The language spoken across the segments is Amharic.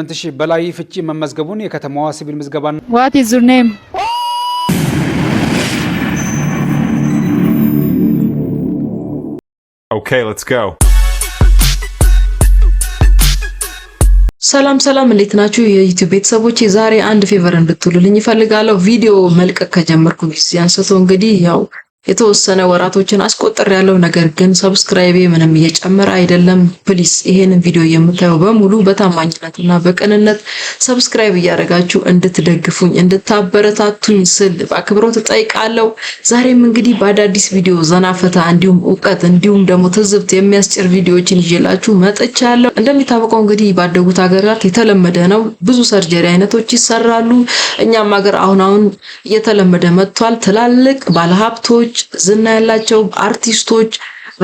ስምንት ሺህ በላይ ፍቺ መመዝገቡን የከተማዋ ሲቪል ምዝገባ ዋት ኢዝ ዩር ኔም ኦኬ ሌትስ ጎ ሰላም ሰላም፣ እንዴት ናችሁ የዩቲዩብ ቤተሰቦች? ዛሬ አንድ ፌቨር እንድትሉልኝ ይፈልጋለሁ። ቪዲዮ መልቀቅ ከጀመርኩ ጊዜ አንስቶ እንግዲህ ያው የተወሰነ ወራቶችን አስቆጠር ያለው ነገር ግን ሰብስክራይቤ ምንም እየጨመረ አይደለም። ፕሊስ ይሄንን ቪዲዮ የምታዩ በሙሉ በታማኝነትና በቅንነት ሰብስክራይብ እያደረጋችሁ እንድትደግፉኝ እንድታበረታቱኝ ስል በአክብሮት እጠይቃለሁ። ዛሬም እንግዲህ በአዳዲስ ቪዲዮ ዘናፈታ፣ እንዲሁም እውቀት እንዲሁም ደግሞ ትዝብት የሚያስጭር ቪዲዮዎችን ይዤላችሁ መጥቻለሁ። እንደሚታወቀው እንግዲህ ባደጉት ሀገራት የተለመደ ነው፣ ብዙ ሰርጀሪ አይነቶች ይሰራሉ። እኛም ሀገር አሁን አሁን እየተለመደ መጥቷል። ትላልቅ ባለሀብቶች ዝና ያላቸው አርቲስቶች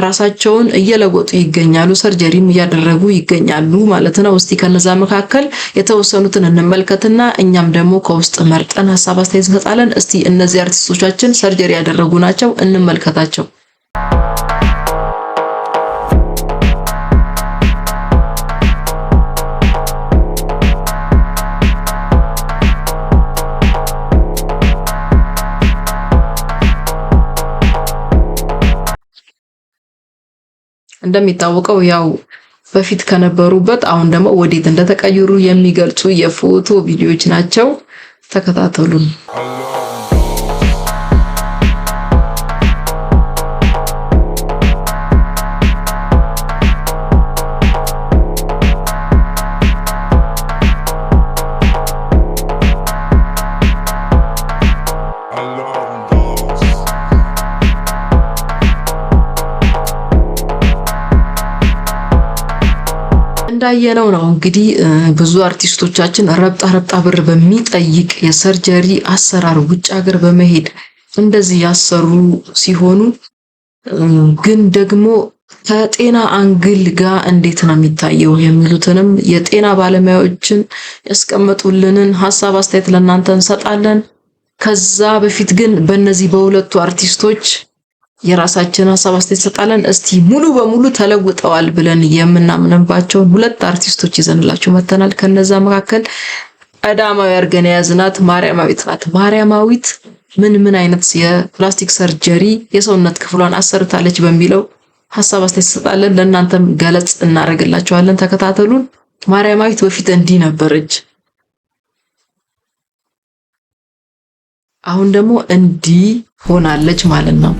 ራሳቸውን እየለወጡ ይገኛሉ። ሰርጀሪም እያደረጉ ይገኛሉ ማለት ነው። እስቲ ከነዛ መካከል የተወሰኑትን እንመልከትና እኛም ደግሞ ከውስጥ መርጠን ሀሳብ አስተያየት እንሰጣለን። እስቲ እነዚህ አርቲስቶቻችን ሰርጀሪ ያደረጉ ናቸው፣ እንመልከታቸው። እንደሚታወቀው ያው በፊት ከነበሩበት አሁን ደግሞ ወዴት እንደተቀየሩ የሚገልጹ የፎቶ ቪዲዮዎች ናቸው። ተከታተሉን። እንዳየነው ነው እንግዲህ ብዙ አርቲስቶቻችን ረብጣ ረብጣ ብር በሚጠይቅ የሰርጀሪ አሰራር ውጭ ሀገር በመሄድ እንደዚህ ያሰሩ ሲሆኑ ግን ደግሞ ከጤና አንግል ጋር እንዴት ነው የሚታየው የሚሉትንም የጤና ባለሙያዎችን ያስቀመጡልንን ሀሳብ አስተያየት ለእናንተ እንሰጣለን። ከዛ በፊት ግን በእነዚህ በሁለቱ አርቲስቶች የራሳችን ሀሳብ አስተያየት ሰጣለን። እስቲ ሙሉ በሙሉ ተለውጠዋል ብለን የምናምንባቸውን ሁለት አርቲስቶች ይዘንላችሁ መተናል። ከነዛ መካከል ቀዳማዊ አድርገን የያዝናት ማርያማዊት ናት። ማርያማዊት ምን ምን አይነት የፕላስቲክ ሰርጀሪ የሰውነት ክፍሏን አሰርታለች በሚለው ሀሳብ አስተያየት ሰጣለን። ለእናንተም ገለጽ እናደርግላችኋለን። ተከታተሉን። ማርያማዊት በፊት እንዲህ ነበረች፣ አሁን ደግሞ እንዲህ ሆናለች ማለት ነው።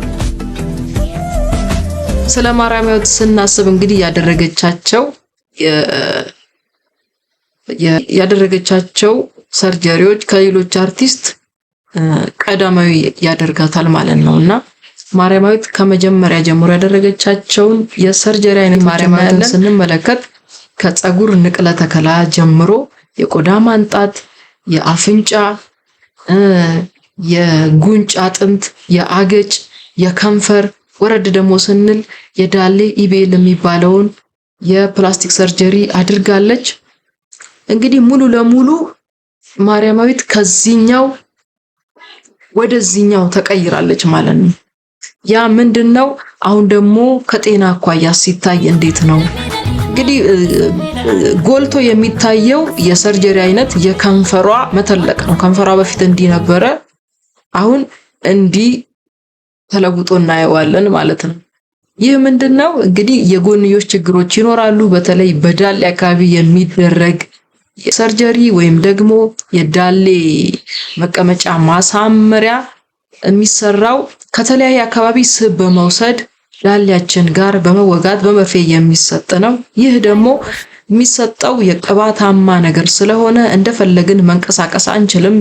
ስለ ማርያም ሕይወት ስናስብ እንግዲህ ያደረገቻቸው ያደረገቻቸው ሰርጀሪዎች ከሌሎች አርቲስት ቀዳማዊ ያደርጋታል ማለት ነው እና ማርያማዊት ከመጀመሪያ ጀምሮ ያደረገቻቸውን የሰርጀሪ አይነት ማርያማዊትን ስንመለከት ከፀጉር ንቅለ ተከላ ጀምሮ የቆዳ ማንጣት፣ የአፍንጫ፣ የጉንጭ አጥንት፣ የአገጭ፣ የከንፈር ወረድ ደግሞ ስንል የዳሌ ኢቤል የሚባለውን የፕላስቲክ ሰርጀሪ አድርጋለች። እንግዲህ ሙሉ ለሙሉ ማርያማዊት ከዚህኛው ወደዚህኛው ተቀይራለች ማለት ነው። ያ ምንድን ነው? አሁን ደግሞ ከጤና አኳያ ሲታይ እንዴት ነው? እንግዲህ ጎልቶ የሚታየው የሰርጀሪ አይነት የከንፈሯ መተለቅ ነው። ከንፈሯ በፊት እንዲህ ነበረ፣ አሁን እንዲህ ተለውጦ እናየዋለን ማለት ነው። ይህ ምንድን ነው እንግዲህ የጎንዮሽ ችግሮች ይኖራሉ። በተለይ በዳሌ አካባቢ የሚደረግ ሰርጀሪ ወይም ደግሞ የዳሌ መቀመጫ ማሳመሪያ የሚሰራው ከተለያየ አካባቢ ስብ በመውሰድ ዳሌያችን ጋር በመወጋት በመፌ የሚሰጥ ነው። ይህ ደግሞ የሚሰጠው የቅባታማ ነገር ስለሆነ እንደፈለግን መንቀሳቀስ አንችልም።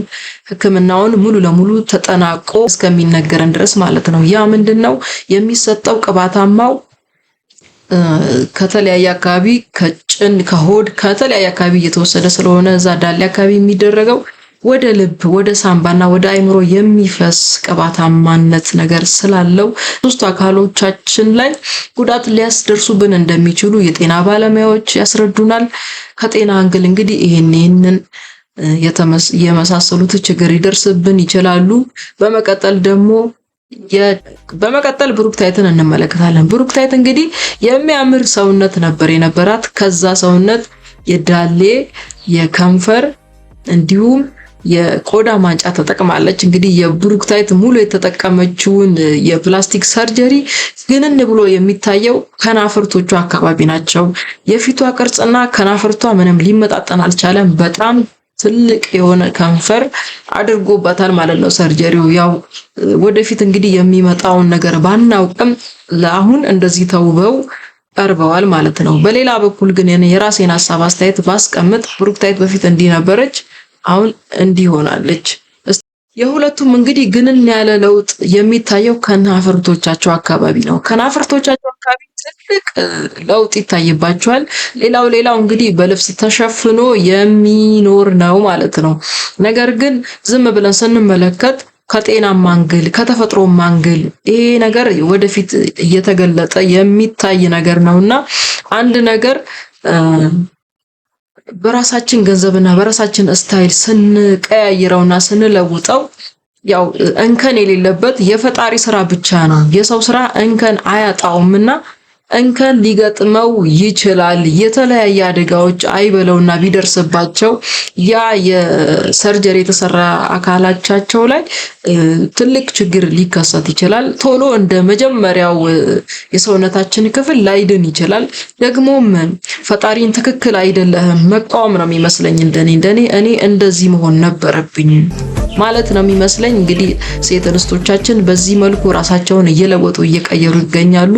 ሕክምናውን ሙሉ ለሙሉ ተጠናቆ እስከሚነገረን ድረስ ማለት ነው። ያ ምንድን ነው የሚሰጠው ቅባታማው ከተለያየ አካባቢ ከጭን ከሆድ ከተለያየ አካባቢ እየተወሰደ ስለሆነ እዛ ዳሌ አካባቢ የሚደረገው ወደ ልብ ወደ ሳምባና ወደ አይምሮ የሚፈስ ቅባታማነት ነገር ስላለው ሶስቱ አካሎቻችን ላይ ጉዳት ሊያስደርሱብን እንደሚችሉ የጤና ባለሙያዎች ያስረዱናል። ከጤና አንግል እንግዲህ ይህን ይህንን የመሳሰሉት ችግር ሊደርስብን ይችላሉ። በመቀጠል ደግሞ በመቀጠል ብሩክታይትን እንመለከታለን። ብሩክታይት እንግዲህ የሚያምር ሰውነት ነበር የነበራት። ከዛ ሰውነት የዳሌ የከንፈር እንዲሁም የቆዳ ማንጫ ተጠቅማለች። እንግዲህ የብሩክታይት ሙሉ የተጠቀመችውን የፕላስቲክ ሰርጀሪ ግንን ብሎ የሚታየው ከናፍርቶቹ አካባቢ ናቸው። የፊቷ ቅርጽና ከናፍርቷ ምንም ሊመጣጠን አልቻለም። በጣም ትልቅ የሆነ ከንፈር አድርጎባታል ማለት ነው ሰርጀሪው። ያው ወደፊት እንግዲህ የሚመጣውን ነገር ባናውቅም ለአሁን እንደዚህ ተውበው ቀርበዋል ማለት ነው። በሌላ በኩል ግን የራሴን ሀሳብ አስተያየት ባስቀምጥ ብሩክታይት በፊት እንዲህ ነበረች። አሁን እንዲህ ሆናለች። የሁለቱም እንግዲህ ግንን ያለ ለውጥ የሚታየው ከናፍርቶቻቸው አካባቢ ነው። ከናፍርቶቻቸው አካባቢ ትልቅ ለውጥ ይታይባቸዋል። ሌላው ሌላው እንግዲህ በልብስ ተሸፍኖ የሚኖር ነው ማለት ነው። ነገር ግን ዝም ብለን ስንመለከት ከጤና ማንግል ከተፈጥሮ ማንግል ይሄ ነገር ወደፊት እየተገለጠ የሚታይ ነገር ነውና አንድ ነገር በራሳችን ገንዘብና በራሳችን ስታይል ስንቀያይረውና ስንለውጠው ያው እንከን የሌለበት የፈጣሪ ስራ ብቻ ነው። የሰው ስራ እንከን አያጣውምና እንከን ሊገጥመው ይችላል። የተለያየ አደጋዎች አይበለውና ቢደርስባቸው ያ የሰርጀሪ የተሰራ አካላቻቸው ላይ ትልቅ ችግር ሊከሰት ይችላል። ቶሎ እንደ መጀመሪያው የሰውነታችን ክፍል ላይድን ይችላል። ደግሞም ፈጣሪን ትክክል አይደለህም መቃወም ነው የሚመስለኝ። እንደኔ እንደኔ እኔ እንደዚህ መሆን ነበረብኝ ማለት ነው የሚመስለኝ። እንግዲህ ሴት እንስቶቻችን በዚህ መልኩ ራሳቸውን እየለወጡ እየቀየሩ ይገኛሉ።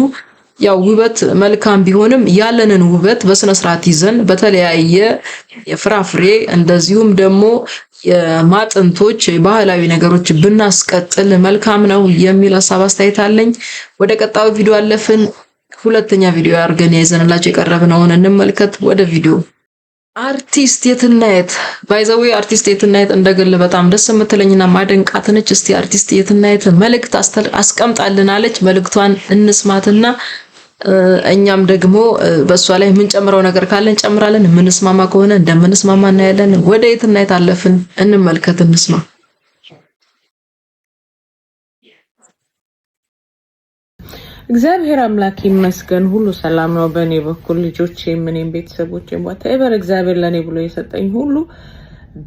ያው ውበት መልካም ቢሆንም ያለንን ውበት በስነ ስርዓት ይዘን በተለያየ የፍራፍሬ እንደዚሁም ደግሞ የማጥንቶች ባህላዊ ነገሮች ብናስቀጥል መልካም ነው የሚል ሀሳብ አስተያየት አለኝ። ወደ ቀጣዩ ቪዲዮ አለፍን። ሁለተኛ ቪዲዮ አድርገን ይዘንላችሁ የቀረብነውን እንመልከት። ወደ ቪዲዮ አርቲስት የትናየት ባይዘዌ አርቲስት የትናየት እንደግል በጣም ደስ የምትለኝና ማደንቃት ነች። እስቲ አርቲስት የትናየት መልእክት አስቀምጣልን አለች። መልእክቷን እንስማትና እኛም ደግሞ በእሷ ላይ የምንጨምረው ነገር ካለን እንጨምራለን። የምንስማማ ከሆነ እንደምንስማማ እናያለን። ወደ የት እና የት አለፍን እንመልከት፣ እንስማ። እግዚአብሔር አምላክ ይመስገን፣ ሁሉ ሰላም ነው በእኔ በኩል። ልጆች የምኔም ቤተሰቦች ኤቨር እግዚአብሔር ለእኔ ብሎ የሰጠኝ ሁሉ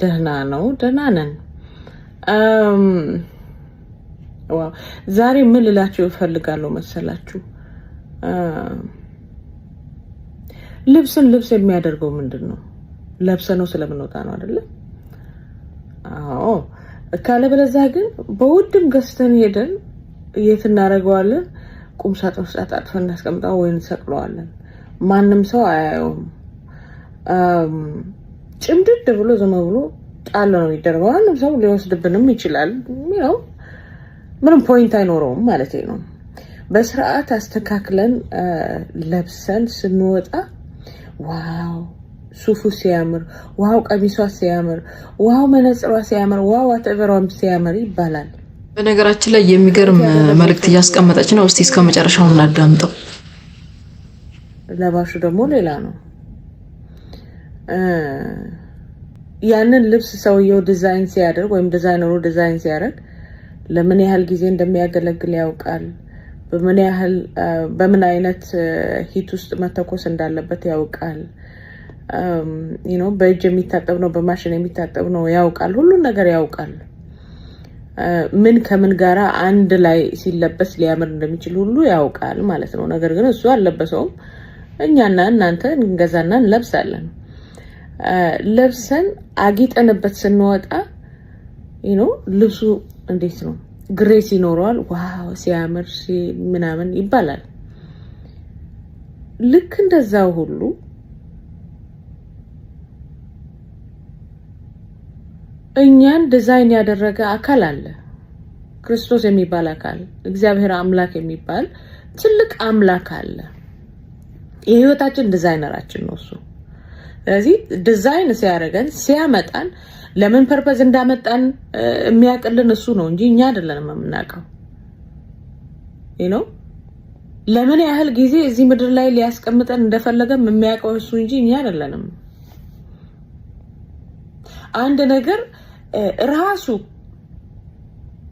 ደህና ነው፣ ደህና ነን። ዛሬ ምን ልላችሁ እፈልጋለሁ መሰላችሁ? ልብስን ልብስ የሚያደርገው ምንድን ነው? ለብሰ ነው ስለምንወጣ ነው አይደለም? አዎ። ካለበለዚያ ግን በውድም ገዝተን ሄደን የት እናደርገዋለን? ቁም ሳጥን ውስጥ አጣጥፈን እናስቀምጠው ወይ እንሰቅለዋለን። ማንም ሰው አያየውም። ጭምድድ ብሎ ዝም ብሎ ጣል ነው የሚደረገው። ማንም ሰው ሊወስድብንም ይችላል። ያው ምንም ፖይንት አይኖረውም ማለት ነው። በስርዓት አስተካክለን ለብሰን ስንወጣ ዋው ሱፉ ሲያምር፣ ዋው ቀሚሷ ሲያምር፣ ዋው መነፅሯ ሲያምር፣ ዋው አተበሯም ሲያምር ይባላል። በነገራችን ላይ የሚገርም መልእክት እያስቀመጠች ነው። እስቲ እስከ መጨረሻው እናዳምጠው። ለባሹ ደግሞ ሌላ ነው። ያንን ልብስ ሰውየው ዲዛይን ሲያደርግ ወይም ዲዛይነሩ ዲዛይን ሲያደርግ ለምን ያህል ጊዜ እንደሚያገለግል ያውቃል። በምን ያህል በምን አይነት ሂት ውስጥ መተኮስ እንዳለበት ያውቃል። ነው በእጅ የሚታጠብ ነው፣ በማሽን የሚታጠብ ነው ያውቃል። ሁሉን ነገር ያውቃል። ምን ከምን ጋራ አንድ ላይ ሲለበስ ሊያምር እንደሚችል ሁሉ ያውቃል ማለት ነው። ነገር ግን እሱ አልለበሰውም። እኛና እናንተ እንገዛና እንለብሳለን። ለብሰን አጊጠንበት ስንወጣ ነው ልብሱ እንዴት ነው ግሬስ ይኖረዋል። ዋው ሲያምር ምናምን ይባላል። ልክ እንደዛ ሁሉ እኛን ዲዛይን ያደረገ አካል አለ። ክርስቶስ የሚባል አካል፣ እግዚአብሔር አምላክ የሚባል ትልቅ አምላክ አለ። የህይወታችን ዲዛይነራችን ነው እሱ ስለዚህ ዲዛይን ሲያደርገን ሲያመጣን ለምን ፐርፐዝ እንዳመጣን የሚያውቅልን እሱ ነው እንጂ እኛ አይደለንም የምናውቀው። ነው ለምን ያህል ጊዜ እዚህ ምድር ላይ ሊያስቀምጠን እንደፈለገም የሚያውቀው እሱ እንጂ እኛ አይደለንም። አንድ ነገር ራሱ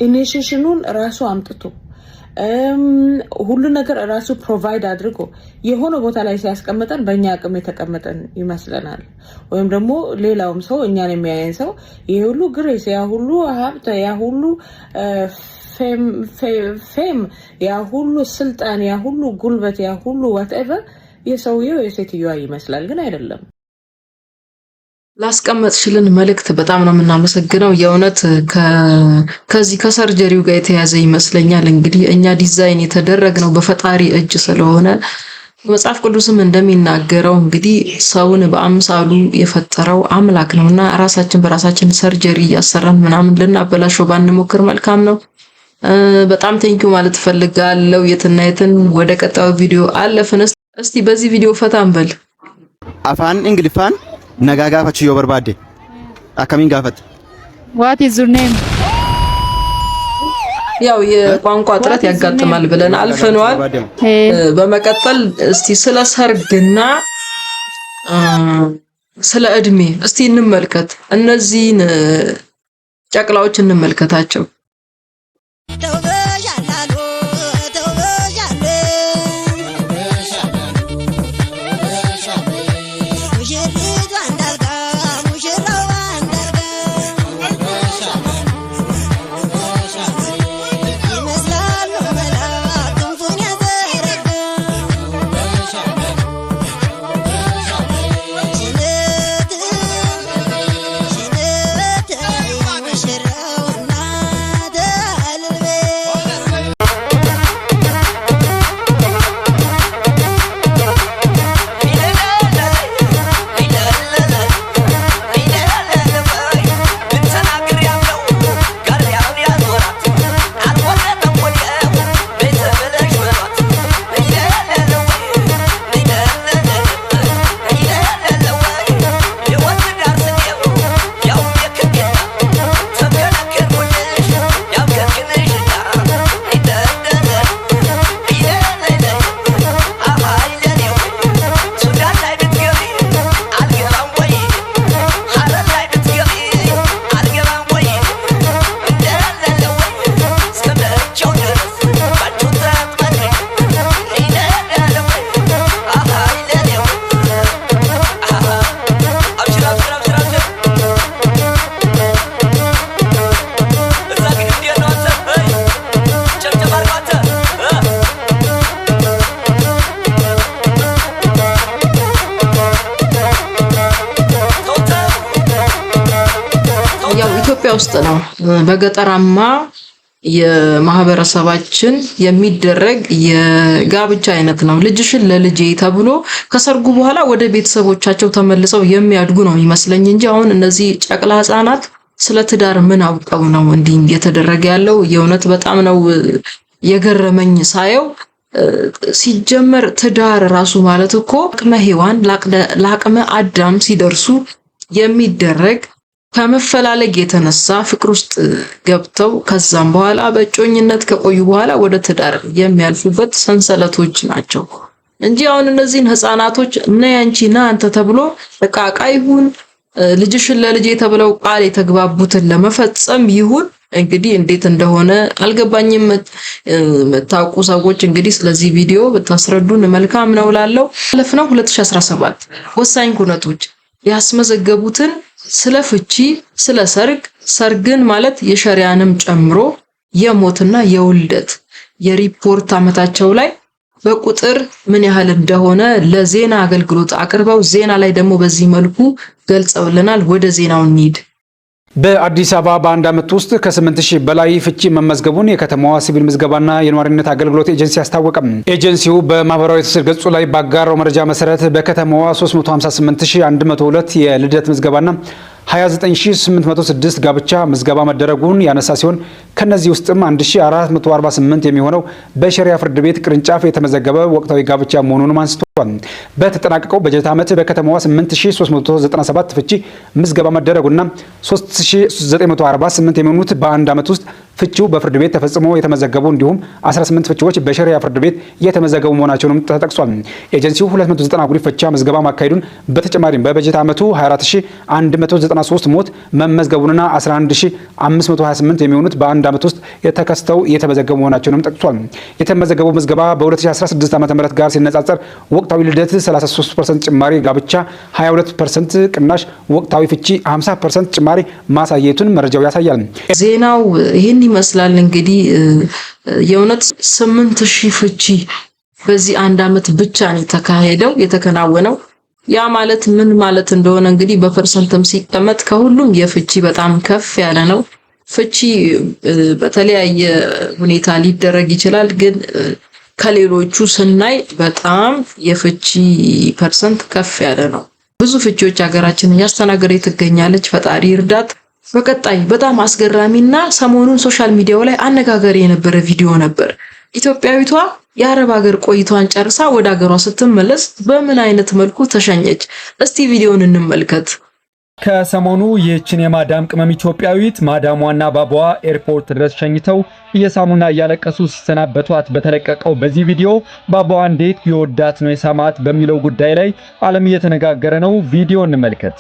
ኢኒሽሽኑን ራሱ አምጥቶ ሁሉ ነገር እራሱ ፕሮቫይድ አድርጎ የሆነ ቦታ ላይ ሲያስቀምጠን በእኛ አቅም የተቀመጠን ይመስለናል። ወይም ደግሞ ሌላውም ሰው እኛን የሚያየን ሰው ይህ ሁሉ ግሬስ፣ ያ ሁሉ ሀብት፣ ያ ሁሉ ፌም፣ ያ ሁሉ ስልጣን፣ ያ ሁሉ ጉልበት፣ ያ ሁሉ ዋትኤቨር የሰውየው የሴትዮዋ ይመስላል፣ ግን አይደለም። ላስቀመጥሽልን መልእክት በጣም ነው የምናመሰግነው። የእውነት ከዚህ ከሰርጀሪው ጋር የተያዘ ይመስለኛል። እንግዲህ እኛ ዲዛይን የተደረግነው በፈጣሪ እጅ ስለሆነ መጽሐፍ ቅዱስም እንደሚናገረው እንግዲህ ሰውን በአምሳሉ የፈጠረው አምላክ ነው እና ራሳችን በራሳችን ሰርጀሪ እያሰራን ምናምን ልናበላሸው ባንሞክር መልካም ነው። በጣም ቴንኪው ማለት እፈልጋለሁ። የትናየትን ወደ ቀጣዩ ቪዲዮ አለፍን። እስቲ በዚህ ቪዲዮ ፈታ እንበል አፋን እንግሊፋን nagaa gaafachuu yoo barbaadde akkamiin gaafat? ዋት ኢዝ ዩር ኔም? ያው የቋንቋ ጥረት ያጋጥማል ብለን አልፈነዋል። በመቀጠል እስቲ ስለ ሰርግና ስለ እድሜ እስቲ እንመልከት። እነዚህን ጨቅላዎች እንመልከታቸው። ውስጥ ነው። በገጠራማ የማህበረሰባችን የሚደረግ የጋብቻ አይነት ነው። ልጅሽን ለልጄ ተብሎ ከሰርጉ በኋላ ወደ ቤተሰቦቻቸው ተመልሰው የሚያድጉ ነው ይመስለኝ እንጂ አሁን እነዚህ ጨቅላ ህጻናት ስለ ትዳር ምን አውቀው ነው እንዲህ እየተደረገ ያለው? የእውነት በጣም ነው የገረመኝ ሳየው። ሲጀመር ትዳር ራሱ ማለት እኮ አቅመ ሔዋን ለአቅመ አዳም ሲደርሱ የሚደረግ ከመፈላለግ የተነሳ ፍቅር ውስጥ ገብተው ከዛም በኋላ በእጮኝነት ከቆዩ በኋላ ወደ ትዳር የሚያልፉበት ሰንሰለቶች ናቸው እንጂ አሁን እነዚህን ህፃናቶች እና ያንቺ ና አንተ ተብሎ እቃቃ ይሁን ልጅሽን ለልጄ ተብለው ቃል የተግባቡትን ለመፈጸም ይሁን እንግዲህ እንዴት እንደሆነ አልገባኝም። የምታውቁ ሰዎች እንግዲህ ስለዚህ ቪዲዮ ብታስረዱን መልካም ነው ላለው። አለፍ 2017 ወሳኝ ኩነቶች ያስመዘገቡትን ስለ ፍቺ፣ ስለ ሰርግ፣ ሰርግን ማለት የሸሪያንም ጨምሮ የሞትና የውልደት የሪፖርት ዓመታቸው ላይ በቁጥር ምን ያህል እንደሆነ ለዜና አገልግሎት አቅርበው ዜና ላይ ደግሞ በዚህ መልኩ ገልጸውልናል። ወደ ዜናው እንሂድ። በአዲስ አበባ በአንድ ዓመት ውስጥ ከ8 ሺህ በላይ ፍቺ መመዝገቡን የከተማዋ ሲቪል ምዝገባና የኗሪነት አገልግሎት ኤጀንሲ አስታወቀም። ኤጀንሲው በማህበራዊ ትስስር ገጹ ላይ ባጋራው መረጃ መሰረት በከተማዋ 358102 የልደት ምዝገባና 29806 ጋብቻ ምዝገባ መደረጉን ያነሳ ሲሆን ከነዚህ ውስጥም 1448 የሚሆነው በሸሪያ ፍርድ ቤት ቅርንጫፍ የተመዘገበ ወቅታዊ ጋብቻ መሆኑንም አንስቷል። በተጠናቀቀው በጀት ዓመት በከተማዋ 8397 ፍቺ ምዝገባ መደረጉና 3948 የሚሆኑት በአንድ ዓመት ውስጥ ፍቺው በፍርድ ቤት ተፈጽሞ የተመዘገቡ እንዲሁም 18 ፍቺዎች በሸሪያ ፍርድ ቤት እየተመዘገቡ መሆናቸውንም ተጠቅሷል። ኤጀንሲው 290 ጉዲ ፍቻ ምዝገባ ማካሄዱን በተጨማሪም በበጀት ዓመቱ 24193 ሞት መመዝገቡንና 11528 የሚሆኑት በአንድ ዓመት ውስጥ የተከስተው እየተመዘገቡ መሆናቸውንም ጠቅሷል። የተመዘገቡ ምዝገባ በ2016 ዓ ም ጋር ሲነጻጸር ወቅታዊ ልደት 33 ጭማሪ፣ ጋብቻ 22 ቅናሽ፣ ወቅታዊ ፍቺ 50 ጭማሪ ማሳየቱን መረጃው ያሳያል። ዜናው ይህን ይመስላል እንግዲህ የእውነት ስምንት ሺህ ፍቺ በዚህ አንድ አመት ብቻ ነው የተካሄደው የተከናወነው። ያ ማለት ምን ማለት እንደሆነ እንግዲህ በፐርሰንትም ሲቀመጥ ከሁሉም የፍቺ በጣም ከፍ ያለ ነው። ፍቺ በተለያየ ሁኔታ ሊደረግ ይችላል፣ ግን ከሌሎቹ ስናይ በጣም የፍቺ ፐርሰንት ከፍ ያለ ነው። ብዙ ፍቺዎች ሀገራችንን እያስተናገደ ትገኛለች። ፈጣሪ እርዳት። በቀጣይ በጣም አስገራሚ እና ሰሞኑን ሶሻል ሚዲያው ላይ አነጋጋሪ የነበረ ቪዲዮ ነበር። ኢትዮጵያዊቷ የአረብ ሀገር ቆይቷን ጨርሳ ወደ ሀገሯ ስትመለስ በምን አይነት መልኩ ተሸኘች? እስቲ ቪዲዮውን እንመልከት። ከሰሞኑ ይህችን የማዳም ቅመም ኢትዮጵያዊት ማዳሟና ባቧዋ ኤርፖርት ድረስ ሸኝተው እየሳሙና እያለቀሱ ሲሰናበቷት በተለቀቀው በዚህ ቪዲዮ ባቧዋ እንዴት የወዳት ነው የሳማት በሚለው ጉዳይ ላይ ዓለም እየተነጋገረ ነው። ቪዲዮ እንመልከት።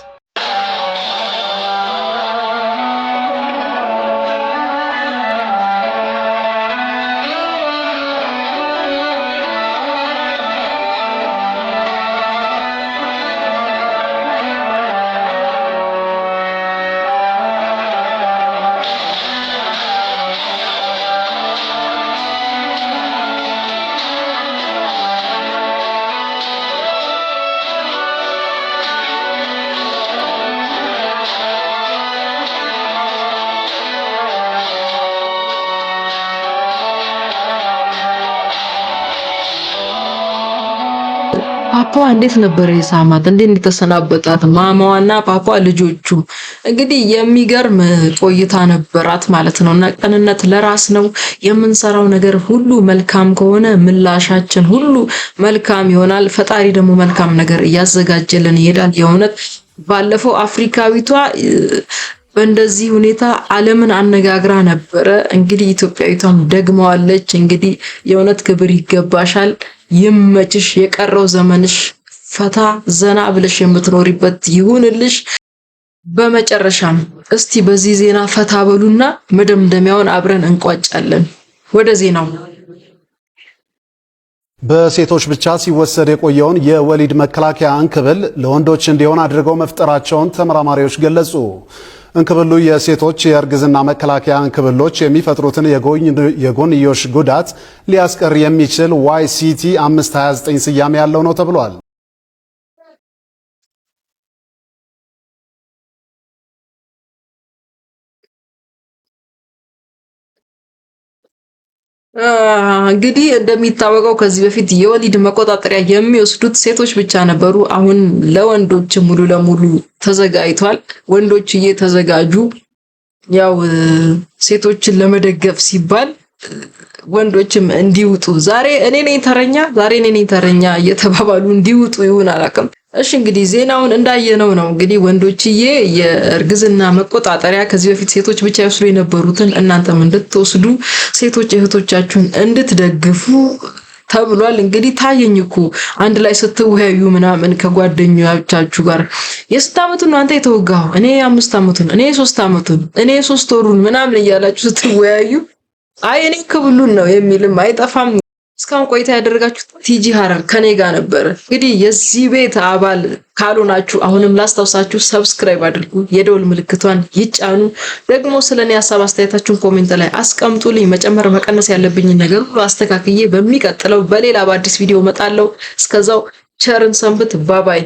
ፓፓዋ እንዴት ነበር የሳማት? እንዴት እንደተሰናበጣት ማማዋና ፓፓ ልጆቹ። እንግዲህ የሚገርም ቆይታ ነበራት ማለት ነው። እና ቅንነት ለራስ ነው። የምንሰራው ነገር ሁሉ መልካም ከሆነ ምላሻችን ሁሉ መልካም ይሆናል። ፈጣሪ ደግሞ መልካም ነገር እያዘጋጀልን ይሄዳል። የእውነት ባለፈው አፍሪካዊቷ በእንደዚህ ሁኔታ ዓለምን አነጋግራ ነበረ። እንግዲህ ኢትዮጵያዊቷም ደግመዋለች። እንግዲህ የእውነት ክብር ይገባሻል፣ ይመችሽ፣ የቀረው ዘመንሽ ፈታ ዘና ብለሽ የምትኖሪበት ይሁንልሽ። በመጨረሻም እስቲ በዚህ ዜና ፈታ በሉና መደምደሚያውን አብረን እንቋጫለን። ወደ ዜናው በሴቶች ብቻ ሲወሰድ የቆየውን የወሊድ መከላከያ እንክብል ለወንዶች እንዲሆን አድርገው መፍጠራቸውን ተመራማሪዎች ገለጹ። እንክብሉ የሴቶች የእርግዝና መከላከያ እንክብሎች የሚፈጥሩትን የጎንዮሽ ጉዳት ሊያስቀር የሚችል ዋይሲቲ 529 ስያሜ ያለው ነው ተብሏል። እንግዲህ እንደሚታወቀው ከዚህ በፊት የወሊድ መቆጣጠሪያ የሚወስዱት ሴቶች ብቻ ነበሩ። አሁን ለወንዶች ሙሉ ለሙሉ ተዘጋጅቷል። ወንዶች ተዘጋጁ። ያው ሴቶችን ለመደገፍ ሲባል ወንዶችም እንዲውጡ ዛሬ እኔ ነኝ ተረኛ፣ ዛሬ እኔ ነኝ ተረኛ እየተባባሉ እንዲውጡ ይሁን አላውቅም። እሺ እንግዲህ ዜናውን እንዳየነው ነው። እንግዲህ ወንዶችዬ የእርግዝና መቆጣጠሪያ ከዚህ በፊት ሴቶች ብቻ ይወስዱ የነበሩትን እናንተም እንድትወስዱ ሴቶች እህቶቻችሁን እንድትደግፉ ተብሏል። እንግዲህ ታየኝ እኮ አንድ ላይ ስትወያዩ ምናምን ከጓደኞቻችሁ ጋር የስት አመቱን ነው አንተ የተወጋው? እኔ የአምስት ዓመቱን፣ እኔ የሶስት አመቱን፣ እኔ የሶስት ወሩን ምናምን እያላችሁ ስትወያዩ አይ እኔ ክብሉን ነው የሚልም አይጠፋም። እስካሁን ቆይታ ያደረጋችሁ ቲጂ ሀረር ከኔ ጋር ነበረ። እንግዲህ የዚህ ቤት አባል ካልሆናችሁ አሁንም ላስታውሳችሁ፣ ሰብስክራይብ አድርጉ፣ የደውል ምልክቷን ይጫኑ። ደግሞ ስለ እኔ ሀሳብ አስተያየታችሁን ኮሜንት ላይ አስቀምጡልኝ። መጨመር መቀነስ ያለብኝን ነገር ሁሉ አስተካክዬ በሚቀጥለው በሌላ በአዲስ ቪዲዮ መጣለው እስከዛው ቸርን ሰንብት። ባባይ